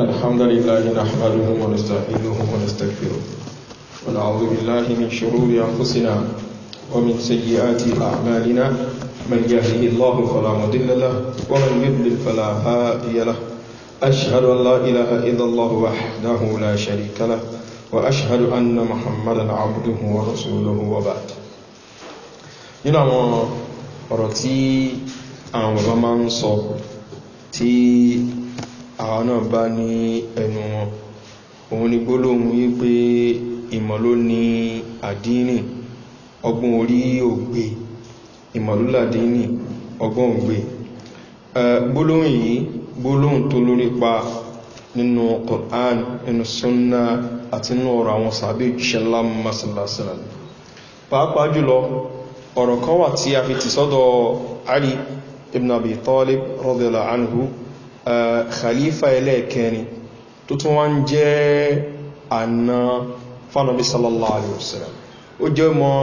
الحمد لله نحمده ونستعينه ونستغفره ونعوذ بالله من شرور أنفسنا ومن سيئات أعمالنا من يهده الله فلا مضل له ومن يضلل فلا هادي له أشهد أن لا إله إلا الله وحده لا شريك له وأشهد أن محمدا عبده ورسوله وبعد ينام àwọn ان tí àwọn تي àwọn náà bá ní ẹnu wọn òun ni gbólóhùn yí pé ìmọ̀ ló ní àdínì ọgbọ́n orí ògbé ìmọ̀ làdínì ọgbọ́n ògbé gbólóhùn yìí gbólóhùn tó lórí pa nínú Qur'an nínú sunna àti nínú ọ̀rọ̀ àwọn sàbí ìṣẹ́lá masalasala pàápàá jùlọ ọ̀rọ̀ kan wà tí a fi ti sọ́dọ̀ Ali ibn Abi Talib radiyallahu anhu khalifa ẹlẹ́ẹ̀kẹrin tó tún wá ń jẹ́ àna fánàbí sallallahu alayhi wa sallam ó jẹ́ mọ́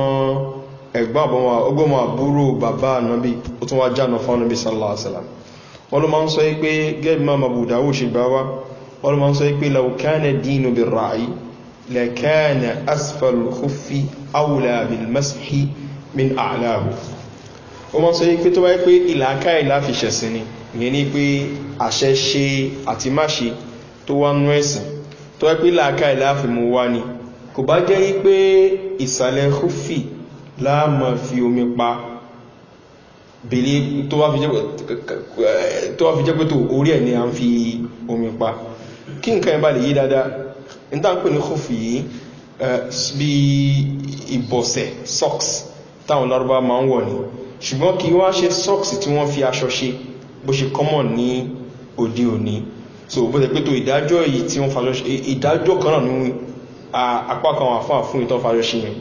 ẹ̀gbọ́n àbọ̀mọ́ ọgbọ́mọ́ àbúrò bàbá ànábì ó tún wá jáàna fánàbí sallallahu alayhi wa sallam wọ́n ló máa ń sọ pé gẹ́ẹ̀bì máa màbù dáwò ṣe gbá wá wọ́n ló máa ń sọ pé laukane dínú bí ra'ayi ni ìyẹn ni pé àṣẹ ṣe àti má ṣe tó wá nú ẹ̀sìn tó wá pé làákà ìláàfin mú wá ni kò bá jẹ́ wípé ìsàlẹ̀ húfì láàmà fi omi pa bèlé tó wá fi jẹ́ pé tó orí ẹ̀ ni a ń fi omi pa kí nǹkan ẹ̀ bá lè yí dáadáa ní táǹpẹ̀ ní húfì yìí bí ìbọ̀sẹ̀ socks táwọn lárúbá máa ń wọ̀ ni ṣùgbọ́n kí wọ́n ṣe socks tí wọ́n fi aṣọ ṣe bó ṣe kọ́mọ̀ ní òde òní so bó ṣe pé tó ìdájọ́ yìí tí wọ́n fàṣọ ṣe ìdájọ́ kan náà ní apá kan wà fún àfún ìtọ́ fàṣọ ṣe yẹn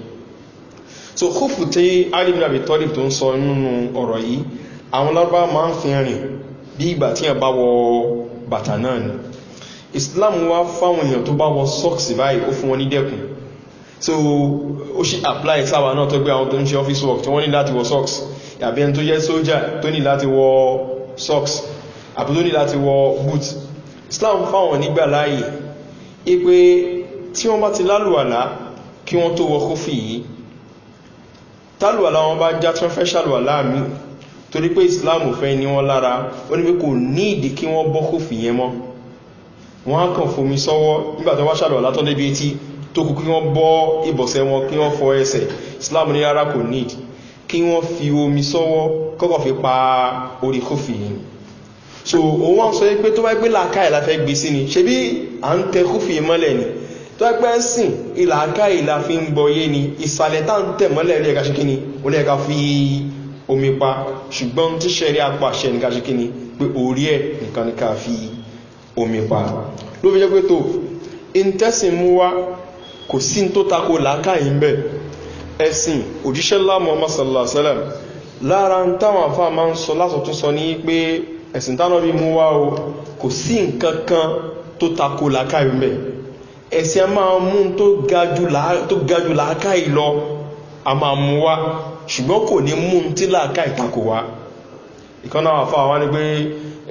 so kófù tí alimina bí tọ́lì tó ń sọ nínú ọ̀rọ̀ yìí àwọn lábá máa ń fi rìn bí ìgbà tí yẹn bá wọ bàtà náà ni islam wá fáwọn èèyàn tó bá wọ sọ́ọ̀sì báyìí ó fún wọn ní dẹ́kun so ó ṣe apply sáwà náà tó gbé àwọn tó ń ṣe office work tí wọ́n ní láti wọ socks tàbí ẹni tó jẹ́ sójà tó ní láti wọ socks àbúlódì láti wọ boot islam fáwọn nígbà láàyè ipé tí wọ́n bá ti lálùwàlá kí wọ́n tó wọ kófì yìí tálùwàlá wọn bá já tí wọ́n fẹ́ ṣàlùwàlá mi torí pé islam fẹ́ ní wọ́n lára ó ní pé kò ní ìdí kí wọ́n bọ́ kófì yẹn mọ́ wọ́n á kàn fomi sọ́wọ́ nígbà tó wá ṣàlùwàlá tó débi etí tó kú kí wọ́n bọ́ ìbọ̀sẹ̀ wọn kí wọ́n fọ ẹsẹ̀ islam ní rárá kò ní ìdí kí wọ́n fi omi sọ́wọ́ kọ́kọ̀ fi pa orí kófì so òun wọ́n sọ pé tó bá gbé làákàyè la fẹ́ gbé sí ni ṣe bí à ń tẹ kófì yìí mọ́lẹ̀ ni tó bá ń sìn ìlàákàyè la fi ń bọ yé ni ìsàlẹ̀ tá ń tẹ̀ mọ́lẹ̀ rí ẹ̀ka ṣe kí ni ó lè fi omi pa ṣùgbọ́n tí ṣẹ̀rí apá ṣẹ̀ nìkan ṣe kí ni pé orí ẹ̀ nìkan nìkan fi omi pa ló fi jẹ́ pé tó ìntẹ́sìn mú wá kò sí ní tó tako làákàyè ń bẹ́ẹ̀ ẹ̀sìn òjíṣẹ́ lámọ̀ sallam lára ń táwọn àfáà máa ń sọ lásọ̀tún sọ ní pé ẹ̀sìn tánà bí mú wá o kò sí nǹkan kan tó takò làákàí mẹ́ ẹ̀sìn a máa mú tó gajù làákàí lọ a máa mú wá ṣùgbọ́n kò ní mú tí làákàí takò wá wá ní pé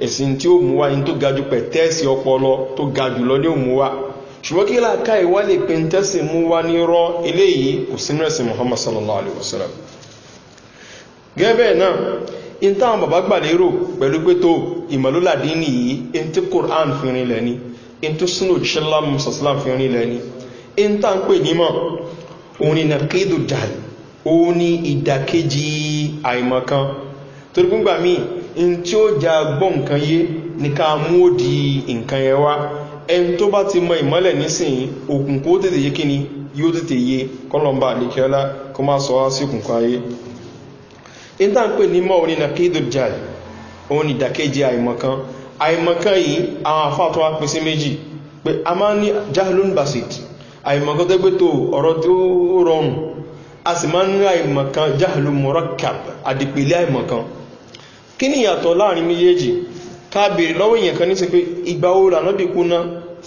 ẹ̀sìn tí ó mú wá ní tó gajù pẹ̀ tẹ́ẹ̀sì ọpọlọ tó gajù lọ ní òmú ṣùgbọ́n kí láàká ìwá lè pe ń tẹ́sì mú wá ní rọ́ eléyìí kò sínú ẹ̀sìn muhammad sallallahu alaihi wasallam gẹ́bẹ̀ẹ́ náà in táwọn bàbá gbà lérò pẹ̀lú pé tó ìmọ̀lólàdínì yìí in tí quran fi rin lẹ́ni in tó sínú òṣìṣẹ́lá musasalam fi rin lẹ́ni in tá ń pè nímọ̀ òun ni nàkéèdò jàl òun ni ìdàkejì àìmọ̀kan torí gbígbà míì in tí ó jà gbọ́ nǹkan yé ni ká mú òdì nǹkan yẹn wá ẹni tó bá ti mọ ìmọ́lẹ̀ nísìnyí òkùn kó tètè yé kíni yóò tètè yé kọlọmbà àlekẹ́lá kó má sọ wá sí òkùnkùn ayé níta ń pè ní mọ́ na kéèdò jà òun ìdàkejì àìmọ̀kan àìmọ̀kan yìí àwọn àfáà tó wá pín sí méjì pé a máa ń ní jahlun basit àìmọ̀kan tó gbé tó kí ni ìyàtọ̀ láàrin méjèèjì káàbèrè lọ́wọ́ èèyàn kan ní sí pé ìgbà oòrùn ànábì kú ná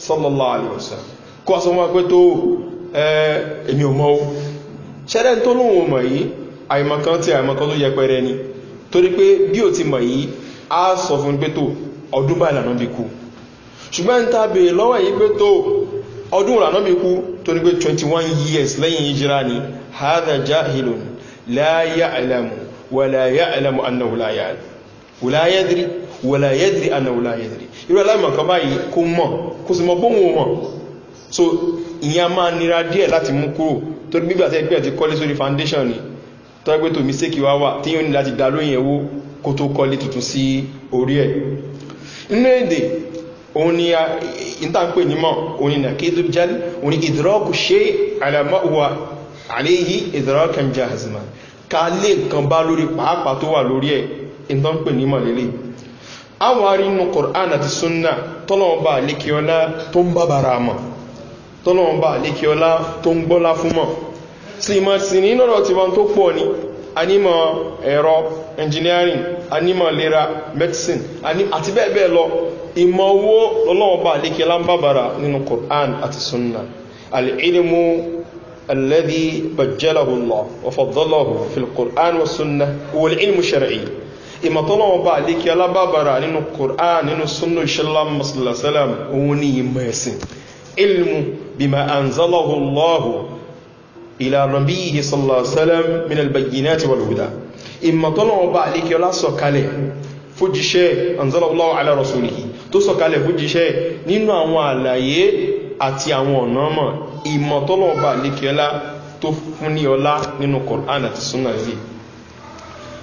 sọ́lọ́lá àlùsà kó a sọ wọn pé tó èmi ò mọ́ o ṣẹ́rẹ́ tó lóun ò mọ̀ yìí àìmọ̀kan tí àìmọ̀kan ló yẹ pẹ́rẹ́ ni torí pé bí ò ti mọ̀ yìí á sọ fún pé tó ọdún báyìí lànà kú ṣùgbọ́n ta bèrè lọ́wọ́ yìí pé tó ọdún lànà bí kú torí pé 21 years lẹ́yìn ìjìrá ni hada jahilun láyà àlàmù wàlàyà àlàmù annahu láyà àlàmù wàlàyà wọ̀lá yẹ́dìrí àna wọ̀lá yẹ́dìrí irú aláìmọ̀kan báyìí kó mọ̀ kó sì mọ̀ bóhùn mọ̀ so ìyá máa nira díẹ̀ láti mú kúrò tó gbígbà tẹ́ gbígbà ti kọ́lé sórí foundation ni tó ẹgbẹ́ tó mistake wá wà tí yóò ní láti dá lóyìn ẹ̀wó kó tó kọ́lé tuntun sí orí ẹ̀ nínú èdè òun ni ìtànpè nímọ̀ òun ni nàkédú jẹ́lì òun ni ìdúrọ́kù ṣe àwọn arínú kọ̀rán àti súnnà tọ́lọ̀ọ̀bá lékiọlá tó ń bábára mọ̀ tọ́lọ̀ọ̀bá lékiọlá tó ń gbọ́lá fún mọ̀ sí ma sí ní lọ́rọ̀ tí wọ́n tó pọ̀ ní anímọ̀ ẹ̀rọ engineering anímọ̀ lera medicine àti bẹ́ẹ̀ lọ ìmọ̀ owó lọ́lọ́ọ̀bá lékiọlá ń bábára nínú kọ̀rán àti súnnà al'ilmu الذي بجله الله وفضله في القرآن والسنة هو العلم الشرعي ìmọ̀tọ́lọ́wọ́ bá àlékí alábàbàrà nínú quran nínú sunna islam masallasalam òun ní ìmọ̀ ẹ̀sìn ilmu bima anzalahu allahu ila rabihi sallasalam min albayyinati wal huda ìmọ̀tọ́lọ́wọ́ bá àlékí ọlá sọ̀kalẹ̀ fújíṣẹ́ anzalahu allahu ala rasulihi tó sọ̀kalẹ̀ fújíṣẹ́ nínú àwọn àlàyé àti àwọn ọ̀nà ọmọ ìmọ̀tọ́lọ́wọ́ bá àlékí ọlá tó fún ní ọlá nínú quran àti sunna yìí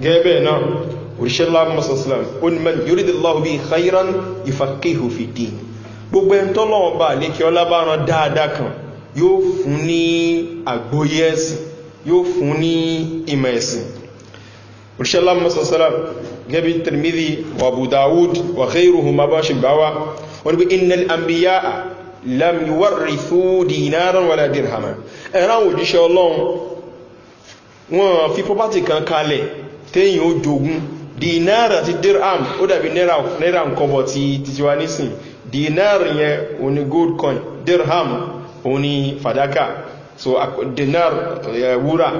gẹ́gẹ́ náà òṣìṣẹ́lá mọ́sánsáàm ó ní mẹ́rin yóò rídí láhùbí khairan ìfàkéhù fìdí gbogbo ẹni tọ́lọ́ ọba àlékẹ́ ọlábàárán dáadáa kan yóò fún ní àgbóyé ẹ̀sìn yóò fún ní ìmọ̀ ẹ̀sìn òṣìṣẹ́lá mọ́sánsáàm gẹ́bí tẹ̀mídì wàbùdáwùd wàhẹ́rùhùn mabáṣibáwá wọ́n bí iná àmbíyá lam yuwarrithu dinaran wala dirhama ẹ̀rọ àwọn òjíṣẹ́ ọlọ́run fi property kan kalẹ̀ téèyàn ó jogún dinar àti dirham ó dàbí náírà nkọ́bọ̀ ti tiwa nísìn dinar yẹn òní gold coin dirham òní fàdákà so dinar wúrà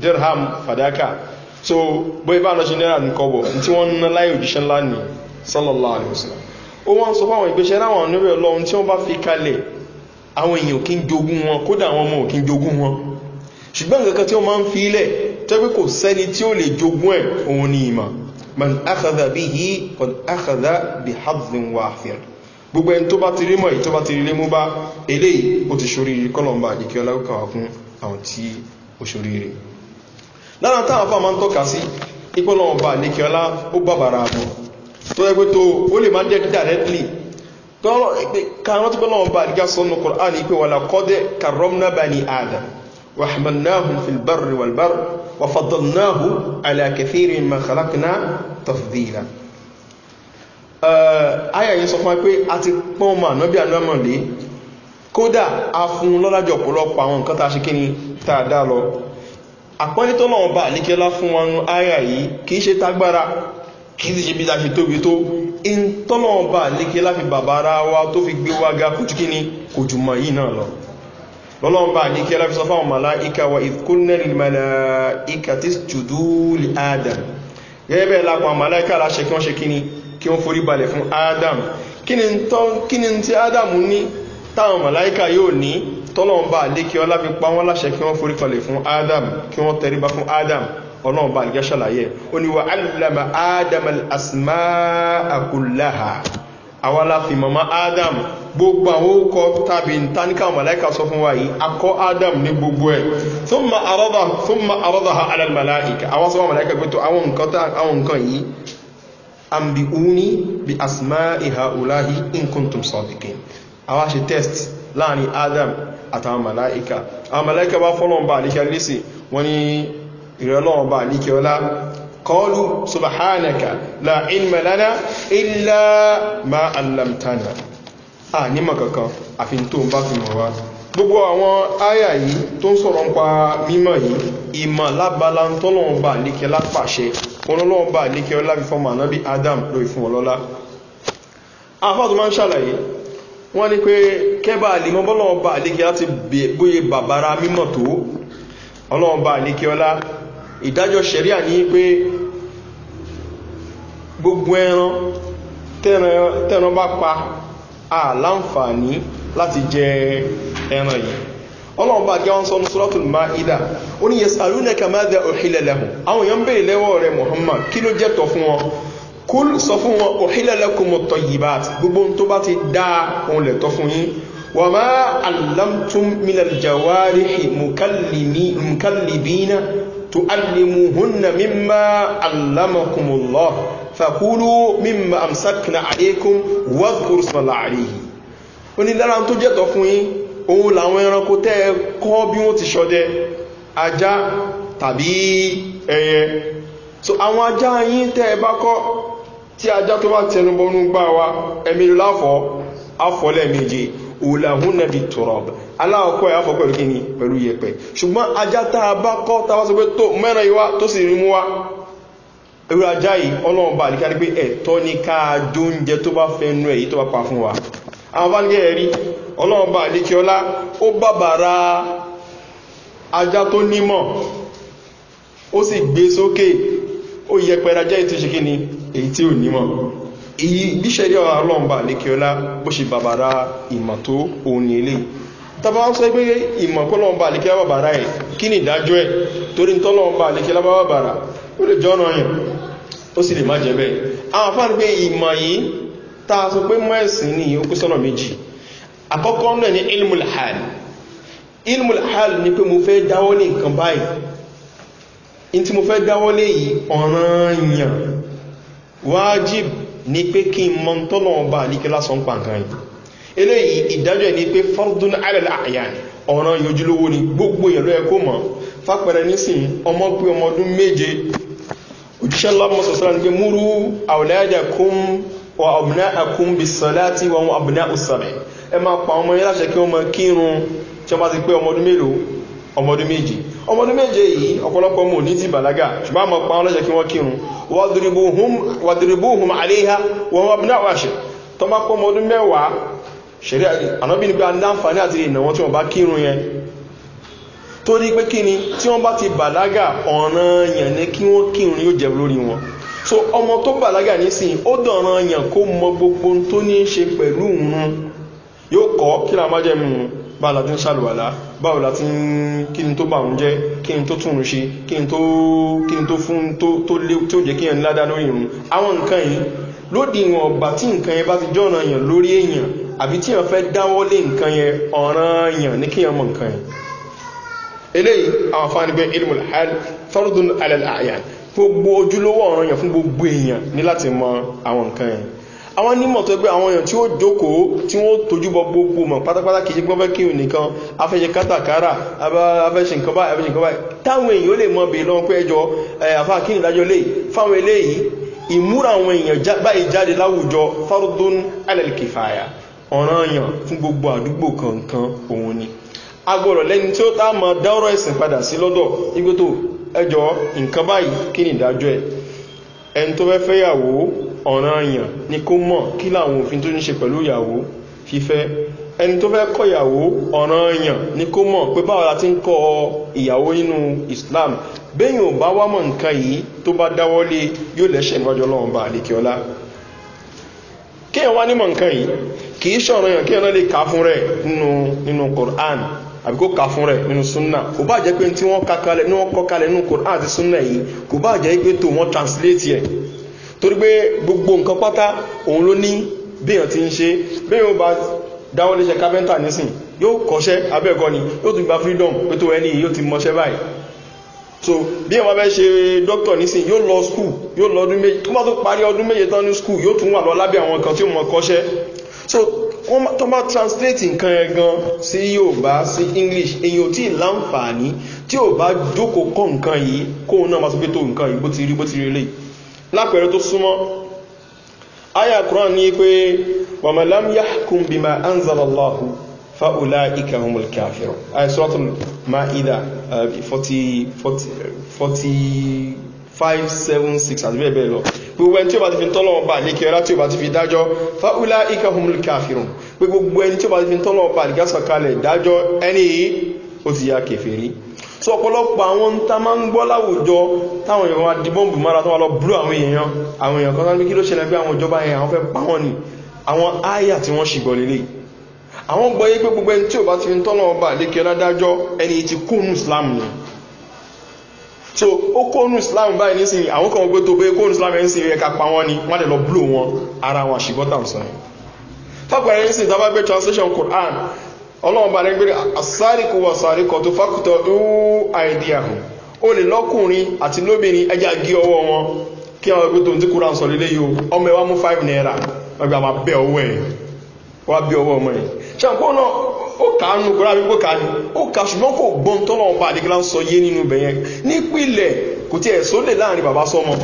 dirham fàdákà so bóyá bá lọ́ṣẹ́ náírà nkọ́bọ̀ tí wọ́n ń ná láyé òjíṣẹ́ ńlá ni sallallahu alayhi wa sallam ó wọ́n sọ fáwọn ìgbésẹ̀ láwọn onírẹ̀ ọlọ́run tí wọ́n bá fi kalẹ̀ àwọn èèyàn kí ń jogún wọn kódà àwọn ọmọ òkín jogún wọn ṣùgbọ́n nǹkan tí wọ́n máa ń fi ilẹ̀ tẹ́gbẹ́ kò sẹ́ni tí ó lè jogún ẹ̀ òun ni ìmọ̀ man akhada bí i kan akhada bí hafzin wa afir gbogbo ẹni tó bá ti rí mọ̀ èyí tó bá ti rí lé mú bá eléyìí ó ti ṣoríire kọlọ̀mbà ìkẹ́ ọlákọ̀wà fún àwọn tí ó ṣoríire lára táwọn afọ àmà ń tọ́ka sí ìpọ́lọ̀mbà ìkẹ́ ọlá ó bàbàrà àbọ̀ tó ẹgbẹ́ tó ó lè má jẹ́ directly kọ́ọ̀rọ̀ kàrán tó pẹ́lọ̀mbà ìkẹ́ sọ́nù kọ̀ọ̀rán ní pé wà lákọ́dẹ̀ kàrọ́mnà bá ní adam وحملناهم في البر والبر وفضلناه على كثير ما خلقنا تفضيلا aya yìí sọ fún wa pé a ti pọ́n ọmọ ànábí ànámọ̀ lé kódà a fún lọ́lájọ̀ ọ̀pọ̀lọpọ̀ àwọn nǹkan tàà ṣe kí ni tàà dá lọ àpọ́nlé tó lọ́wọ́ bá àlékẹ́lá fún wọn aya yìí kìí ṣe tágbára kìí sì ṣe bí láti tóbi tó in tọ́lọ́wọ́ bá àlékẹ́lá fi bàbá ara wa tó fi gbé wa ga kò jù kí ni kò jùmọ̀ yìí náà lọ lọ́lọ́mbà ní kí aláfi sọ fáwọn màláíkà wa ìkúnnẹ̀lì màláíkà tí jùdú lè adam gẹ́gẹ́ bẹ́ẹ̀ lápá màláíkà aláṣẹ kí wọ́n ṣe kíni kí wọ́n forí balẹ̀ fún adam kí ni tí adam ní táwọn màláíkà yóò ní tọ́lọ́mbà lé kí ọláfi pa wọ́n láṣẹ kí wọ́n forí balẹ̀ fún adam gbogbo àwọn ókọ tàbí táníkà màláìka sọ fún wa yìí akọ adam ní gbogbo ẹ̀ tún ma àrọ́dà ha alal màláìka àwọn sọ màláìka pé tó àwọn nǹkan yìí àmì òní bí asmá ìhà òláhì nǹkan sọ̀dìkì àwọn ṣe test láàrin adam àtàwọn màláìka àwọn màláìka bá fọ́lọ̀ bá àlíkẹ́ lẹ́sì wọ́n ni ìrẹ́lọ́wọ́ bá àlíkẹ́ ọlá kọlu subhanaka la ilmalana illa ma allamtana a nímọ̀ kankan àfi tó ń bá fi mọ̀ wá gbogbo àwọn àyà yìí tó ń sọ̀rọ̀ ń pa mímọ̀ yìí ìmọ̀ lábala ń tọ́lọ́wọ́n bá lékẹ́ lápàṣẹ ọlọ́wọ́n bá lékẹ́ ọlá fi fọ́mọ̀ ànábì adam ló ìfún ọlọ́lá afọ́tù máa ń ṣàlàyé wọ́n ní pé kẹ́bà àlèmọ́ bọ́lọ́wọ́n bá lékẹ́ láti bóyé bàbára mímọ̀ tó ọlọ́wọ́n bá lékẹ́ ọlá ìdájọ́ sẹ̀ríà ní pé gbogbo ẹran tẹ́ran bá pa àláǹfààní láti jẹ ẹran yìí ọlọ́run bá gẹ́wọ́n sọ ní sọ́lọ́tù ma'ida ó ní yẹsà alúnẹ̀kà mẹ́dẹ̀ òhìlẹ̀ lẹ́hùn àwọn èèyàn bèèrè lẹ́wọ́ rẹ̀ muhammad kí ló jẹ́tọ̀ fún wọn kúl sọ fún wọn òhìlẹ̀ tọ̀ yìí gbogbo tó bá ti dá ohun lẹ̀tọ́ fún yín wà má alamtum milal jawarihi mukallibina tu alimuhunna mimma alamakumullah fàkúrú mímọ àmsàkìnà àríkún wọ́pùrù sọ̀lá àríyìn ó ní lára tó jẹ́tọ̀ fún yí òun làwọn ẹranko tẹ́ kọ́ bí wọ́n ti ṣọdẹ ajá tàbí ẹyẹ so àwọn ajá yí tẹ́ bá kọ́ tí ajá tó bá tẹnubọnú gbá wa ẹmìrì láfọ́ afọ́lẹ̀ òlàhún nẹ́bí tọ̀rọ̀b aláwọ̀kọ́ ẹ̀ afọ́ pẹ̀lú kíni pẹ̀lú yẹpẹ̀ ṣùgbọ́n ajá tá a bá kọ́ tá a bá sọ pé tó mẹ́rin ìwá tó sì rí mú wa ewu ajá yìí ọlọ́run bá àdíkà ní pé ẹ̀tọ́ ní káàdó oúnjẹ tó bá fẹ́ nú èyí tó bá pa fún wa àwọn bá ẹ̀rí ọlọ́run bá àdíkà ọlá ó bàbàrà ajá tó nímọ̀ ó sì gbé sókè ó yẹ pẹ̀lú ajá ètò ìṣe kíni èyí tí ò nímọ̀ èyí bíṣẹ́rí ọlọ́run bá ọlá bó ṣe bàbàrà ìmọ̀ tó òun ní tàbá sọ pé ìmọ̀ bàbàrà ẹ̀ kí ni ìdájọ́ ẹ̀ torí ń bàbàrà ó lè jọ́nà yàn ó sì lè má jẹ́ bẹ́ẹ̀ àwọn afáàní pé ìmọ̀ yìí ta sọ pé mọ́ ẹ̀sìn ní ó kú sọ́nà méjì àkọ́kọ́ náà ní ilmulhal ilmulhal ni pé mo fẹ́ dáwọ́ ní nǹkan báyìí in tí mo fẹ́ dáwọ́ lé yìí ọ̀ràn yàn ni pé kí n mọ́ tọ́lọ̀ ọba àlíkẹ́ lásán pàǹkan yìí eléyìí ìdájọ́ ni pé fọ́dún alẹ́lẹ́ àyà ọ̀ràn yójúlówó ni gbogbo èèyàn ló ẹkó mọ́ nísìn ọmọ pé ọmọ ọdún méje òjíṣẹ́ lọ́mọ sọ̀sọ́lá ní pé múrú àwòlẹ́yàjàkún wa ọ̀bùnà àkún bí sọ́lá tí ọ̀bùnà òsàrẹ̀ ẹ máa pa ọmọ yẹn láṣẹ kí wọ́n máa kírun tí bá ti pé ọmọdún mélòó ọmọdún méjì ọmọdún méje yìí ọ̀pọ̀lọpọ̀ mò ní ti bàlágà ṣùgbọ́n àmọ́ pa kí kírun àléhà wọn àwàṣẹ tó ọmọdún mẹ́wàá ṣẹ̀rí torí pé kí ni tí wọ́n bá ti bàlágà ọ̀ràn yàn ní kí wọ́n kírun yóò jẹ́ lórí wọn so ọmọ tó bàlágà nísìnyí ó dọ̀ràn yàn kó mọ gbogbo tó ní í ṣe pẹ̀lú òun yóò kọ́ kí la má jẹ́ mu bá la ti ń ṣàlùwàlá báwo la ti ń kí ni tó bà ń jẹ́ kí ni tó tún un ṣe kí ni tó kí ni tó fún tó lé tí ó jẹ́ kí yẹn ládá lórí irun àwọn nǹkan yìí lódì ìwọ̀n ọ̀gbà tí nǹkan yẹn bá ti jọ̀ràn yàn lórí èèyàn àbí tí yẹn fẹ́ dáwọ́lé nǹkan yẹn ọ̀ràn yàn ní kí yẹn mọ nǹkan yẹn eléyìí àwọn afáàní pé ilmul hal fardun alẹ́láàyàn gbogbo ojúlówó ọ̀ràn yàn fún gbogbo èèyàn ní láti mọ àwọn nǹkan yẹn àwọn nímọ̀ tó gbé àwọn èèyàn tí ó jókòó tí wọ́n tójú bọ gbogbo mọ̀ pátápátá kìí ṣe gbọ́nfẹ́ kí o nìkan afẹ́ṣe kátàkárà afẹ́ṣe nǹkan báyìí afẹ́ṣe nǹkan báyìí táwọn èèyàn ó lè mọ bèèrè lọ́wọ́ pé ẹjọ́ àfáà kí nìdájọ́ lè fáwọn eléyìí ìmúra àwọn èèyàn báyìí jáde láwùjọ fárúdún alẹ́lẹ́kìfàyà ọ̀ràn yàn fún gbogbo àdúgbò kankan òun ni agbọ̀rọ̀ lẹ́ni tí ó tá mọ dáwọ́rọ̀ ẹ̀sìn padà sí lọ́dọ̀ igbótó ẹjọ́ nǹkan báyìí kí ni ìdájọ́ ẹ̀ ẹni tó fẹ́ fẹ́yàwó ọ̀ràn àyàn ni kó mọ̀ kí làwọn òfin tó ní ṣe pẹ̀lú ìyàwó fífẹ́ ẹni tó fẹ́ kọ́ ìyàwó ọ̀ràn àyàn ni kó mọ̀ pé báwo la ti ń kọ́ ìyàwó nínú islam bẹ́yìn ò bá wá mọ̀ nǹkan yìí tó bá dáwọ́lé yóò lẹ́ṣẹ̀ níwájú ọlọ́run bá àlékiọlá kéèyàn wá nímọ̀ nǹkan yìí kì í ṣọ̀ràn yàn kéèyàn náà lè kà fún rẹ̀ nínú nínú quran àbí kó kà fún rẹ̀ nínú súnà kò bá jẹ́ pé tí wọ́n kakalẹ̀ ní wọ́n kọkalẹ̀ nínú koran àti súnà yìí kò bá jẹ́ pé tó wọ́n translate ẹ̀ torí pé gbogbo nǹkan pátá òun ló ní bíyàn ti ń ṣe bíyàn bá dáwọ́ léṣẹ́ kápẹ́ntà nísìn yóò kọ́ṣẹ́ abẹ́ẹ̀kọ́ ni yóò tún gba freedom pé tó ẹni yóò ti mọṣẹ́ báyìí so bí ẹ̀ wọ́n fẹ́ ṣe dókítọ̀ nísìn yóò lọ skul yóò lọ ọdún méje tó bá tó parí ọdún méje tán ní skul yóò tún wà lọ lábẹ́ àwọn kan tí ó so tó bá translate nǹkan ẹ gan sí yorùbá sí english èyàn tí láǹfààní tí ò bá jókòó kọ́ nǹkan yìí kóun náà máa sọ pé tó nǹkan yìí bó ti rí bó ti rí lè lápẹẹrẹ tó súnmọ́ aya quran ní pé wàmàlám yahkun bima anzalallahu fa'ula ikahumul kafiro ayasuratul ma'ida 40 uh, 40 five seven six àti bẹ́ẹ̀ bẹ́ẹ̀ lọ gbogbo ẹni tí ó bá ti fi tọ́lọ́wọ́ bá àlékè ọlá tí ó bá ti fi dájọ́ fáwọlá ikẹ́ homolí káfíràn pé gbogbo ẹni tí ó bá ti fi tọ́lọ́wọ́ bá àlékè sọ̀kalẹ̀ dájọ́ ẹni yìí ó ti ya kẹfẹ́rí so ọ̀pọ̀lọpọ̀ àwọn tá máa ń gbọ́ láwùjọ táwọn èèyàn wa di bọ́ǹbù mára tó wà lọ búrú àwọn èèyàn àwọn èèyàn kan sáà kí ló ṣẹlẹ̀ pé àwọn ìjọba yẹn àwọn fẹ́ pa wọn ni àwọn áyà tí wọ́n ṣì gbọ́ lélẹ̀ àwọn gbọ́ yé pé gbogbo ẹni tí ò bá ti fi tọ́lọ́wọ́ bá àlékè ọlá ẹni ti kúnnù islam ni so ó kóònù islam báyìí nísìn àwọn kan gbé tó bẹ́ kóònù islam ẹ̀ nísìn ẹ̀ka pa wọ́n ni wọ́n lè lọ blú wọn ara wọn àṣìgbọ́tà sọ yẹn fọ́pẹ̀rẹ̀ nísìn tó gbé translation quran ọlọ́run bá rẹ̀ gbé asárìkò wọ sárìkò tó fákùtọ̀ ooh idea ó lè lọ́kùnrin àti lóbìnrin ẹja gé ọwọ́ wọn kí àwọn ẹgbẹ́ tó ń yìí ọmọ ó kàánú kò rábí pé kàánú ó kà ṣùgbọ́n kò gbọ́n tọ́lọ̀ ọba àdíkílá ń sọ yé nínú bẹ̀yẹn nípìnlẹ̀ kò tí ẹ̀ sólè láàrin bàbá sọmọ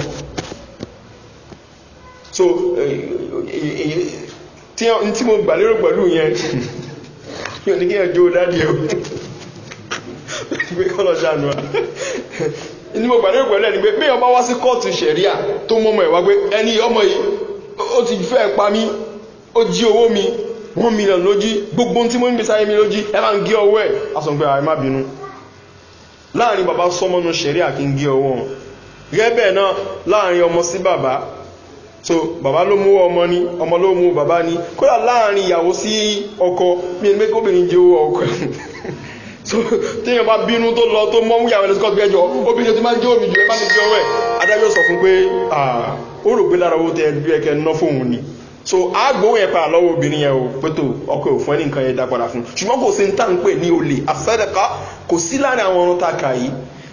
so tí mo gbà lérò pẹ̀lú yẹn ò ní kí o kọ́lọ̀ ṣàánú wa ní mo gbà lérò pẹ̀lú ẹni pé bí ọba wá sí ọmọ yìí ó ti fẹ́ pa mí ó jí owó mi one million lójí gbogbo tí mo ń gbé sáyé mi lójí ẹ bá ń gé ọwọ́ ẹ̀ asọ̀gbẹ́ ààrẹ má bínú láàrin bàbá sọmọnú ṣẹ̀rí n ń gé ọwọ́ wọn gẹ́bẹ̀ náà láàrin ọmọ sí bàbá so bàbá ló mú ọmọ ni ọmọ ló mú bàbá ni kódà láàrin ìyàwó sí ọkọ mi ní kóbìnrin jẹ́ owó ọkọ so téèyàn bá bínú tó lọ tó mọ́ ẹ so agbóhùn ẹ̀pà lọ́wọ́ obìnrin yẹn o pẹ̀tò ọkọ̀ òfin ẹni nǹkan yẹn dá padà fún ṣùgbọ́n kò sí ní tá à ń pè ní olè àfẹ́dẹ̀ká kò sí láàrin àwọn ọ̀run tá a kà yìí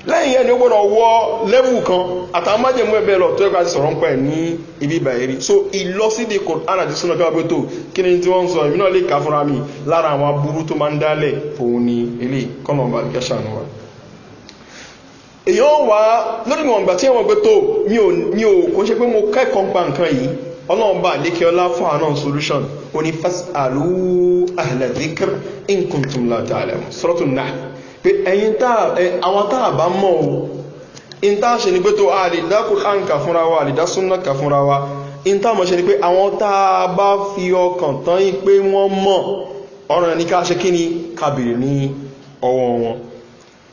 lẹ́yìn yẹn ni ó gbọ́dọ̀ wọ lẹ́wù kan àtàwọn májèmú ẹ̀bẹ̀ lọ tó ẹ̀ka ti sọ̀rọ̀ ń pẹ̀ ní ibi ìbàyẹ̀rí so ìlọsídẹ̀ kò ara ti súnà káwá pẹ̀tò kí ni tí wọ́n ń sọ èmi náà lè kà fúnra mi lára àwọn aburú tó máa ń dálẹ̀ òun ni eléyìí kọ́nà ọba àlùkẹ́sà ni wa èèyàn wá lórí ìwọ̀n ìgbà tí ẹ̀wọ̀n pẹ̀tò mi ò kó ṣe pé mo kẹ́kọ̀ọ́ ọlọ́run bá lékẹ́ ọlá fún àánà solution ó ní fásàlú àhìlẹ̀díkìr inkuntum pé ẹ̀yìn àwọn tàà bá mọ́ o in tàà ṣe ni pé tó àlìdá kùrán kà fúnra wa àlìdá súnná kà fúnra wa in tàà mọ̀ ṣe ni pé àwọn tàà bá fi ọkàn tán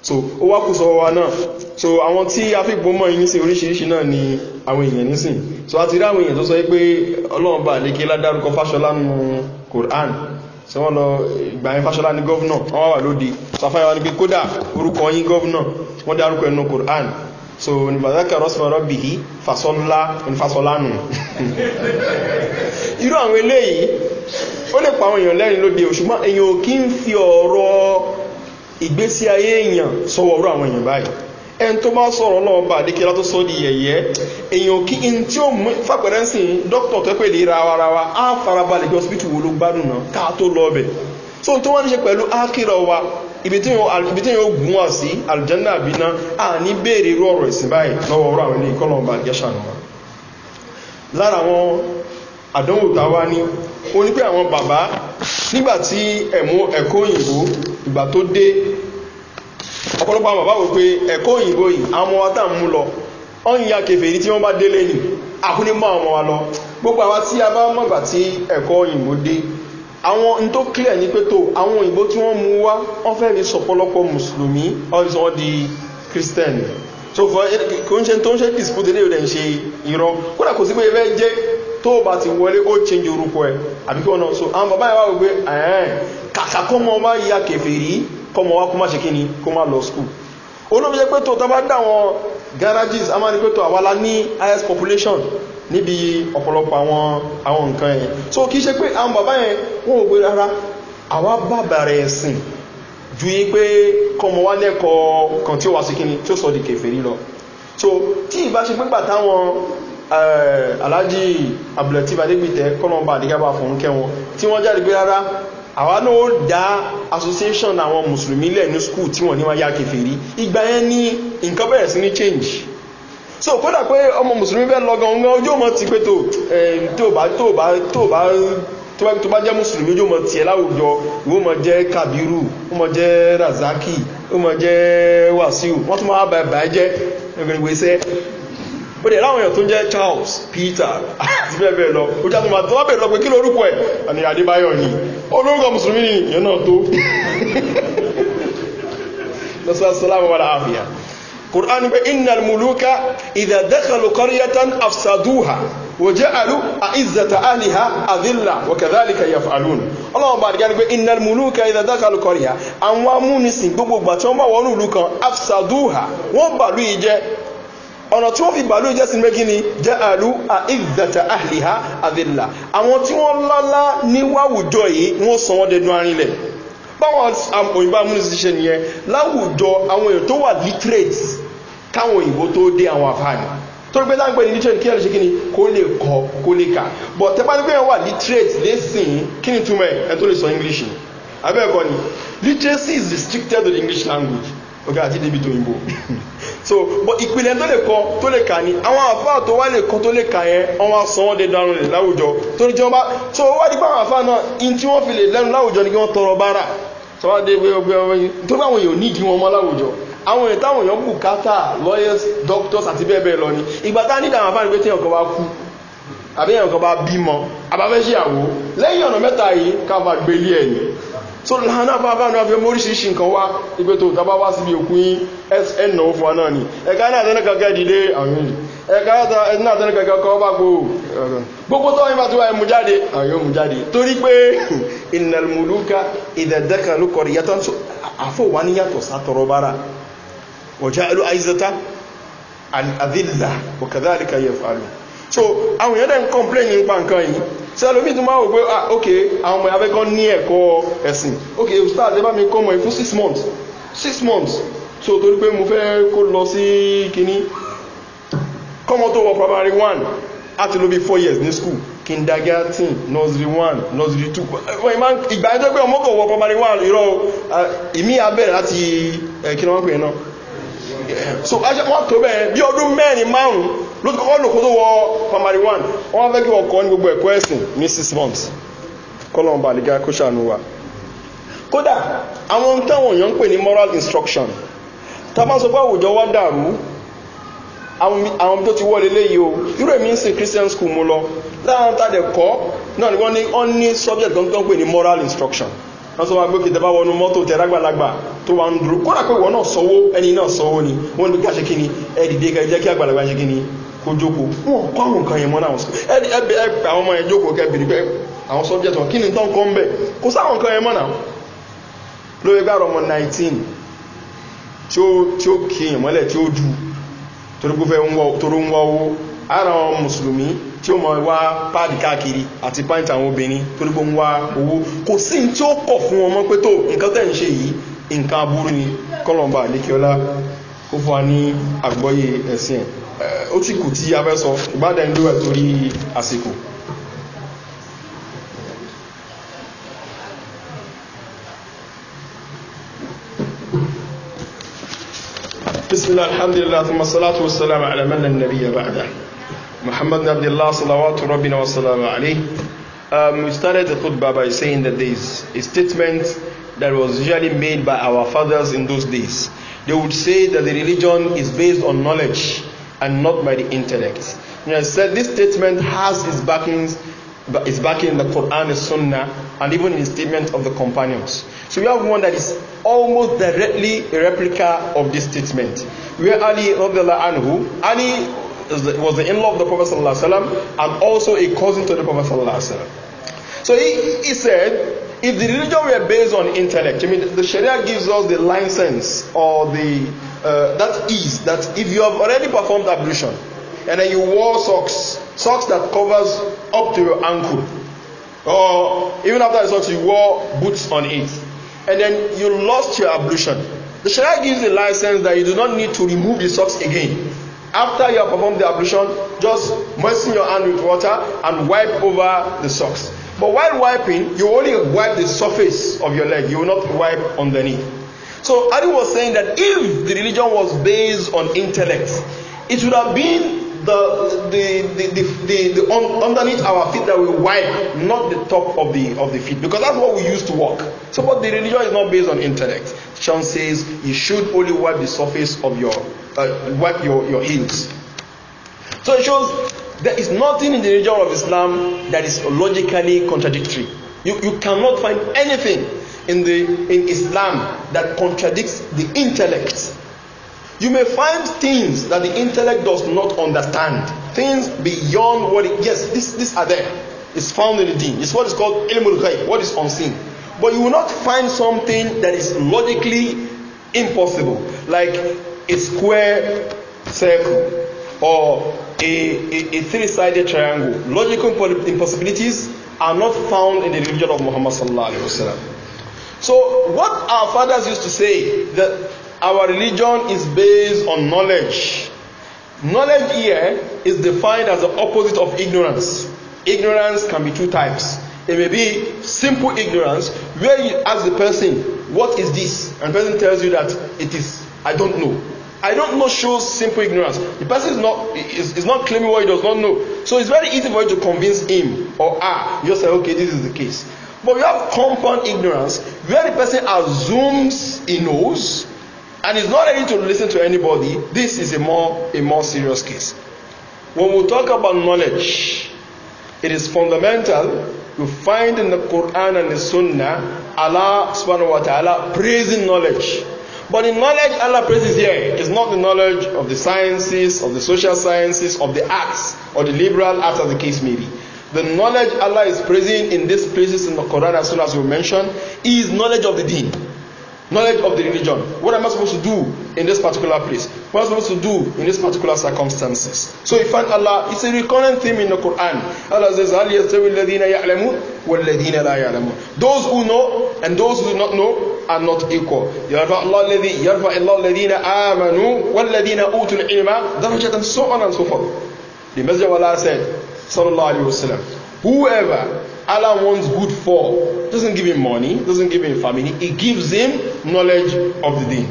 so ó wá kù sọ́wọ́ wa náà so àwọn tí a fi gbọ́mọ̀ yìí nísìn oríṣiríṣi náà ni àwọn èèyàn nísìn so a ti rí àwọn èèyàn tó sọ pé ọlọ́run bá lékè ládárúkọ fáṣọlá nù koran so wọ́n lọ ìgbà yẹn fáṣọlá ní gọ́vnà wọ́n wà wà lóde so afáyà wa ni pé kódà orúkọ yín gọ́vnà wọ́n dárúkọ ẹnu koran so ní bàzákà rọ́sùmọ̀rọ́ bìí fàṣọlá onífàṣọlá nù irú àwọn eléyìí ó lè pa àwọn èèyàn lẹ́rìn lóde òṣùgbọ́n èèyàn ò kí ń fi ọ̀rọ̀ ìgbésí ayé èèyàn sọ̀wọ́rọ̀ àwọn èèyàn báyìí ẹn tó bá sọ̀rọ̀ náà bá adékẹ́lá tó sọ́ di yẹ̀yẹ́ èèyàn kí n tí ó mú fàpẹ̀rẹ́ sí dókítà tó pèlè rawarawa á farabalẹ̀ bí ọsibítù wo ló gbádùn náà ká tó lọ ọbẹ̀ so tó wá ní ṣe pẹ̀lú ákìrọ̀ wa ibi tí yóò gùn wá sí aljanna àbíná à ní béèrè irú ọ̀rọ̀ ìsìn báyìí lọ́wọ́ ọ̀rọ̀ àwọn ilé ìgbà tó dé ọ̀pọ̀lọpọ̀ àwọn bàbá wò pé ẹ̀kọ́ òyìnbó yìí àwọn ọmọ tá ń mú lọ ọ̀yìn ya kèfè ní tí wọ́n bá dé lẹ́yìn àkúní mọ́ àwọn ọmọ wa lọ gbogbo àwọn tí a bá mọ̀gbà tí ẹ̀kọ́ òyìnbó dé àwọn n tó clear ní pé tó àwọn òyìnbó tí wọ́n mú wá wọ́n fẹ́ rí sọ̀pọ̀lọpọ̀ mùsùlùmí ọ̀sán di christian so for kò ń ṣe tó ń ṣe dispute lè rẹ̀ ń ṣe irọ́ kódà kò sí pé ẹ fẹ́ jẹ́ tó bá ti wọlé ó change orúkọ ẹ̀ àbí kí wọ́n náà so àwọn bàbá ìwà wípé ẹ̀ẹ́n kàkà kọ́ mọ́ ọmọ ìyá kẹfẹ́ rí kọ́ mọ́ wá kó má ṣe kí ni kó má lọ school olóòfin jẹ́ pé tó tọ́ bá dá garages a máa ní pé tó àwálá ní highest population níbi ọ̀pọ̀lọpọ̀ àwọn nǹkan ẹ̀ so kìí ṣe pé àwọn bàbá yẹn wọ́n ò gbé rárá àwa bàbà rẹ̀ ẹ̀sìn ju yí pé kọmọ wá lẹ́kọ̀ọ́ kan tí ó wà sí kíni tí ó sọ di kèfèrí lọ so tí ìbá ṣe pípà táwọn Eh, aláàjì àbùlẹ̀tí adégbìtẹ́ kọ́lọ̀mbà àdígábà fún kẹwọn tí wọ́n jáde pé rárá àwa náà dá association àwọn mùsùlùmí lẹ̀ ní skul tí wọ́n ní wọ́n yá kẹfẹ́rí ìgbà yẹn ní nǹkan bẹ̀rẹ̀ sí ní change so kódà pé ọmọ mùsùlùmí bẹ́ẹ̀ lọ́gàn ọ̀gán ojú ọmọ ti pé tó eh, tó bá tó bá tó bá tó bá jẹ́ mùsùlùmí ojú ọmọ tiẹ̀ láwùjọ ìwọ́n mọ̀ jẹ́ kabiru ó mọ̀ jẹ́ razaki ó mọ̀ jẹ́ wàsíù wọ́n tún máa bàbá jẹ́ ẹgbẹ̀rẹ̀gbẹ̀sẹ̀ ó dẹ̀ láwọn èèyàn tó ń jẹ́ charles peter àti bẹ́ẹ̀ bẹ́ẹ̀ lọ ó jáde máa tọ́wọ́ bẹ̀rẹ̀ lọ pé kí lórúkọ ẹ̀ àni adébáyọ̀ ni olórúkọ mùsùlùmí ni ìyẹn náà tó lọ́sọ́sọ́lámù wàlá àfíà kùrán pé innal muluka ìdàdẹ́kàlù kọ́ríyátán afsaduha wòjẹ́ àlú àìzàtà àlìhà ọ̀nà tí wọ́n fi gbàlú jẹ́ sinmi gíní jẹ́ àlú àìdàtà àhìlìhá àdìlà àwọn tí wọ́n lọ́lá níwáwùjọ yìí wọ́n sọ wọ́n dẹnu arinlẹ̀ báwọn òyìnbó amúnisí ṣe nìyẹn láwùjọ àwọn èèyàn tó wà literate káwọn òyìnbó tó dé àwọn àfáàní tó gbé láǹgbẹ́ ní literate kí ẹ̀rọ ṣe kíni kó lè kọ kó lè kà but tẹ́pá ní pé wà literate lẹ́sìn kí ni túmọ̀ ẹ̀ tó lè sọ english ni abẹ́ẹ̀kọ́ ni literacy is restricted to the english language ọ̀gá àti débi tó yìnbó so but ìpìlẹ̀ tó lè kọ tó lè kà ní àwọn àfáà tó wá lè kọ tó lè kà yẹn wọ́n wá sọ wọ́n dé dánú rẹ̀ láwùjọ tó ní jọba so wá dípá àwọn àfáà náà in tí wọ́n fi lè lẹ́nu láwùjọ ni kí wọ́n tọrọ bára sọ́wọ́dé nítorí àwọn èèyàn nídìí wọn mọ́ láwùjọ àwọn èèyàn táwọn èèyàn bù kátà lawyers doctors àti bẹ́ẹ̀ bẹ́ẹ̀ lọ ni ìgbà tá nídà àwọn afáàní pé tí ọkọ̀ bá kú àbí èèyàn kan bá bímọ àbáfẹ́ ṣèyàwó lẹ́yìn ọ̀nà mẹ́ta yìí káfà gbélé ẹ̀ ni so lánà bàbá náà fi móríṣiríṣi nǹkan wá ipé tó tàbá wá síbi òkun yí sn náà fún wa náà ni ẹ̀ka e náà tẹ́lẹ̀ kankan dìde àwọn ẹ̀ka e e náà tẹ́lẹ̀ kankan kọ́ bá gbòó gbogbo tó wáyé bá ti wáyé mú jáde àwọn yóò mú jáde torí pé ìnàlmùlùkà ìdẹ̀dẹ́kan ló kọ̀rì yàtọ̀ àfọwáníyàtọ̀ sátọrọ bára ọjà so àwọn yẹ́dẹ̀ ń kọ́mplẹ́yìn nípa nǹkan yìí tí ẹlòmíì tún máa wò pé ah ok àwọn ọmọ abẹ́kọ́ ní ẹ̀kọ́ ẹ̀sìn ok ustaz ẹ bá mi kọ́ ọmọ yìí fún six months six months so torí pé mo fẹ́ kó lọ sí kínní kọ́mọ tó wọ primary one àti ló bí four years ní school kindergarten nursery one nursery two ìgbà ẹjọ́ pé ọmọ kò wọ primary one irọ́ ah, ìmí abẹ́rẹ̀ láti eh, kí ni wọ́n pè é náà so wọ́n tó bẹ́ẹ̀ bí ọdún mẹ́rin márùn-ún ló ti kọ́kọ́ lò kó tó wọ primary one wọ́n wá fẹ́ kí wọ́n kọ́ ní gbogbo ẹ̀kọ́ ẹ̀sìn ní six months kó ṣàánú àwọn ohun táwọn ní moral instruction tá bá sọ pé àwùjọ wa dàrú àwọn tó ti wọlé léyìí o irú èmi ń sin christian school mo lọ láàrín tàdé kọ́ náà ni wọ́n ní wọ́n ní subject ní moral instruction wọ́n sọ wọn pé kìtẹ́ bá wọnú mọ́tò tẹ̀ lágbàlagbà tó wà ń dúró náà kó wọn kọ́ àwọn nǹkan yẹn mọ́ náà ẹgbẹ́ àwọn ọmọ yẹn jókòó kẹbìrì pé àwọn subject wọn kí ni tán kọ́ ń bẹ̀ kó sáwọn nǹkan yẹn mọ́ náà lórí gbára ọmọ 19 tí ó kí èèyàn mọ́lẹ̀ tí ó ju torípúfẹ́ toró ń wá owó ara àwọn mùsùlùmí tí ó mọ̀ wá páàdì káàkiri àti pint àwọn obìnrin torípó ń wá owó kò sí tí ó kọ̀ fún ọmọ pé tó nǹkan tẹ́ ń ṣe yìí nǹkan aburú ni kọlọ̀mbà lékeọlá kó fún wa ní àgbọ́yé ẹ̀sìn ẹ̀ Eh, ó ti kù tí a fẹ́ sọ ìbádẹ́ ń lówẹ̀ torí àsìkò ala man lan nabiyya ba'da muhammad ibn abdullah salawatu rabbina wa salamu alayhi um, we started the khutbah by saying that there is a statement that was usually made by our fathers in those days they would say that the religion is based on knowledge and not by the intellect. You know, said this statement has its backings, its backing in the Quran, the Sunnah, and even in the statement of the companions. So we have one that is almost directly a replica of this statement. Where Ali anhu, Ali was the in-law of the Prophet sallam, and also a cousin to the Prophet sallam. So he, he said, if the religion were based on intellect, I mean, the Sharia gives us the license or the uh, that is that if you have already performed ablution and then you wore socks, socks that covers up to your ankle, or even after the socks you wore boots on it, and then you lost your ablution. The Sharia gives the license that you do not need to remove the socks again. After you have performed the ablution, just moisten your hand with water and wipe over the socks. But while wiping, you only wipe the surface of your leg. You will not wipe underneath. So Ari was saying that if the religion was based on intellect, it would have been the the the the, the, the un, underneath our feet that we wipe, not the top of the of the feet, because that's what we used to walk. So, but the religion is not based on intellect. Sean says you should only wipe the surface of your uh, wipe your your heels. So it shows there is nothing in the religion of Islam that is logically contradictory. You you cannot find anything in the in Islam that contradicts the intellect. You may find things that the intellect does not understand, things beyond what it, yes, this these are there. It's found in the deen. It's what is called ilmul ghaib, what is unseen. But you will not find something that is logically impossible, like a square circle or a, a, a three-sided triangle. Logical impossibilities are not found in the religion of Muhammad sallallahu alaihi wasallam. So, what our fathers used to say that our religion is based on knowledge. Knowledge here is defined as the opposite of ignorance. Ignorance can be two types. It may be simple ignorance, where you ask the person, What is this? And the person tells you that it is, I don't know. I don't know shows simple ignorance. The person is not is, is not claiming what he does not know. So it's very easy for you to convince him or her. You just say, okay, this is the case. But we have compound ignorance where the person assumes he knows and is not ready to listen to anybody. This is a more a more serious case. When we talk about knowledge, it is fundamental. to find in the Quran and the Sunnah Allah subhanahu wa ta'ala praising knowledge. But the knowledge Allah praises here is not the knowledge of the sciences, of the social sciences, of the arts, or the liberal arts as the case may be. The knowledge Allah is praising in these places in the Quran, as soon as you mention, is knowledge of the deen, knowledge of the religion. What am I supposed to do in this particular place? What am I supposed to do in these particular circumstances? So you find Allah, it's a recurrent theme in the Quran. Allah says, la Those who know and those who do not know are not equal. يرفع الله الذي يرفع الله الذين آمنوا والذين أوتوا العلم درجة so on and so forth. The Messenger of Allah said, sallallahu alayhi wasallam whoever Allah wants good for doesn't give him money doesn't give him family he gives him knowledge of the deen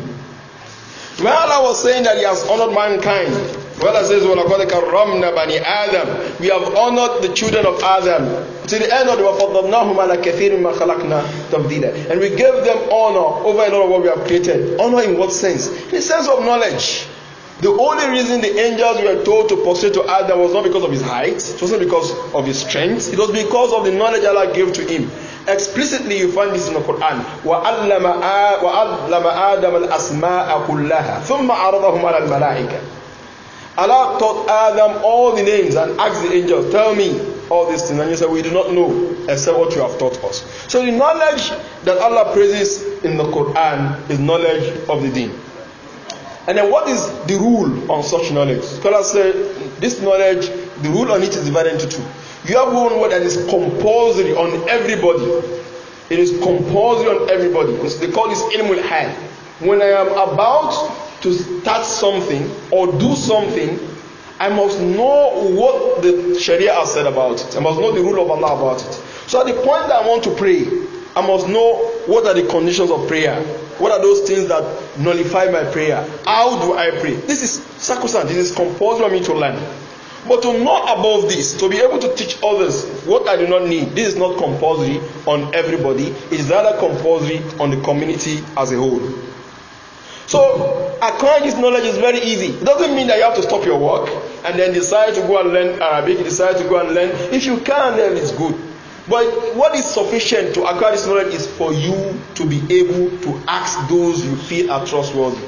when Allah was saying that he has honored mankind well Allah says وَلَقَدْ ramna bani adam, we have honored the children of Adam to the end of the world. For وَفَضَّلْنَاهُمْ عَلَى كَثِيرٍ مَا خَلَقْنَا تَفْضِيلًا and we gave them honor over and over what we have created honor in what sense in the sense of knowledge The only reason the angels were told to prostrate to Adam was not because of his height, it wasn't because of his strength, it was because of the knowledge Allah gave to him. Explicitly, you find this in the Quran. وَعَلَّمَ آدَمَ الْأَسْمَاءَ كُلَّهَا ثُمَّ عَرَضَهُمْ عَلَى الْمَلَائِكَةِ Allah taught Adam all the names and asked the angels, Tell me all these things. And he said, We do not know except what you have taught us. So the knowledge that Allah praises in the Quran is knowledge of the deen. And then what is the rule on such knowledge? Scholars say this knowledge, the rule on it is divided into two. You have one word that is compulsory on everybody. It is compulsory on everybody. They call this animal hal. When I am about to start something or do something, I must know what the Sharia has said about it. I must know the rule of Allah about it. So at the point that I want to pray, I must know what are the conditions of prayer What are those things that nullify my prayer? How do I pray? This is sacrosanct. This is compulsory for me to learn. But to know above this, to be able to teach others what I do not need, this is not compulsory on everybody. It is rather compulsory on the community as a whole. So acquiring this knowledge is very easy. It doesn't mean that you have to stop your work and then decide to go and learn Arabic, decide to go and learn. If you can, then it's good. But what is sufficient to acquire this knowledge is for you to be able to ask those you feel are trustworthy.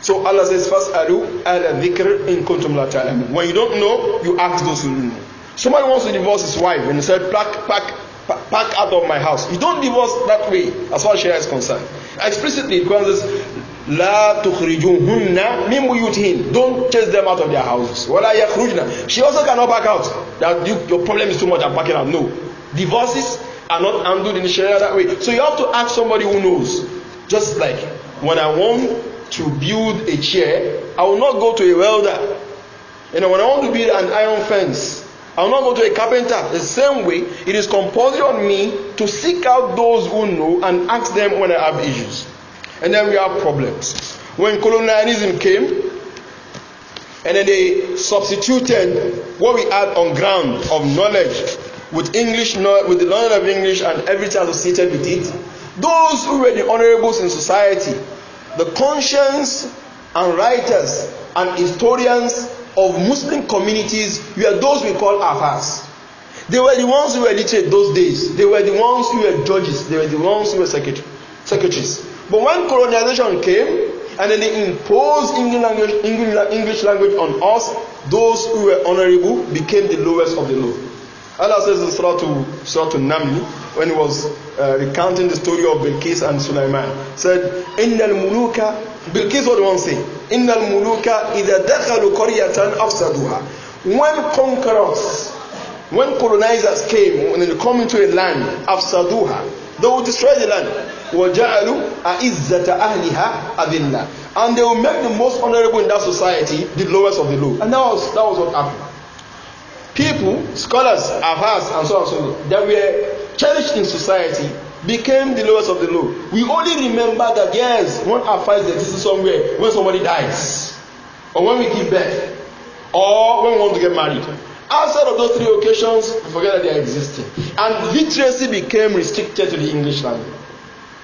So Allah says, First alu ala dhikr in kuntum la ta'lamun. When you don't know, you ask those who know. Somebody wants to divorce his wife and he said, pack, pack, pack out of my house. You don't divorce that way, as far as Sharia is concerned. Explicitly, it comes la tukhrijunna min buyutihin don't chase them out of their houses wala yakhrujna she also cannot back out that you, your problem is too much i'm backing out no divorces are not handled in sharia that way so you have to ask somebody who knows just like when i want to build a chair i will not go to a welder you know when i want to build an iron fence i will not go to a carpenter the same way it is compulsory on me to seek out those who know and ask them when i have issues and then we have problems. When colonialism came, and then they substituted what we had on ground of knowledge with English, with the knowledge of English and everything associated with it. Those who were the honorables in society, the conscience and writers and historians of Muslim communities were those we call Afars. They were the ones who were literate those days. They were the ones who were judges. They were the ones who were secretaries. But when colonization came, and then they imposed English language, English, English language on us, those who were honorable became the lowest of the low. Allah says in Surah to, Surah to Namli, when he was uh, recounting the story of Bilqis and Sulaiman, said, Innal muluka, Bilqis was the one say? Innal muluka idha dakhalu qaryatan afsaduha. When conquerors, when colonizers came, when they come into a land, afsaduha, They will destroy the land. وَجَعَلُوا أَعِزَّةَ أَهْلِهَا أَذِلَّةً And they will make the most honorable in that society the lowest of the low. And that was, that was what happened. People, scholars, avars, and so on so on, that were cherished in society became the lowest of the low. We only remember that, yes, one affairs existed somewhere when somebody dies, or when we give birth, or when we want to get married. Outside of those three occasions, we forget that they are existing. And literacy became restricted to the English language.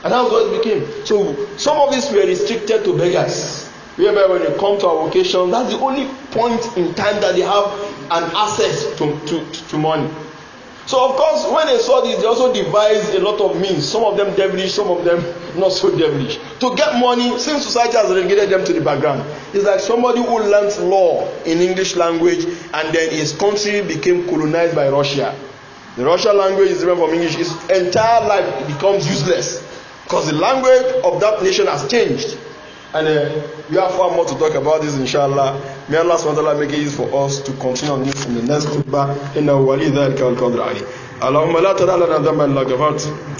And that's what it became. So some of these were restricted to beggars. Remember when you come to our vocation, that's the only point in time that they have an access to, to, to money. So, of course, when they saw this, they also devised a lot of means, some of them devilish, some of them not so devilish. To get money, since society has relegated them to the background, it's like somebody who learnt law in English language and then his country became colonized by Russia. The Russian language is different from English. His entire life becomes useless because the language of that nation has changed. And uh, we have far more to talk about this, inshallah. May Allah SWT make it easy for us to continue on this in the next khutbah. إنه ولي ذلك والقدر ali. Allahumma la تدع لنا ذنبا إلا غفرت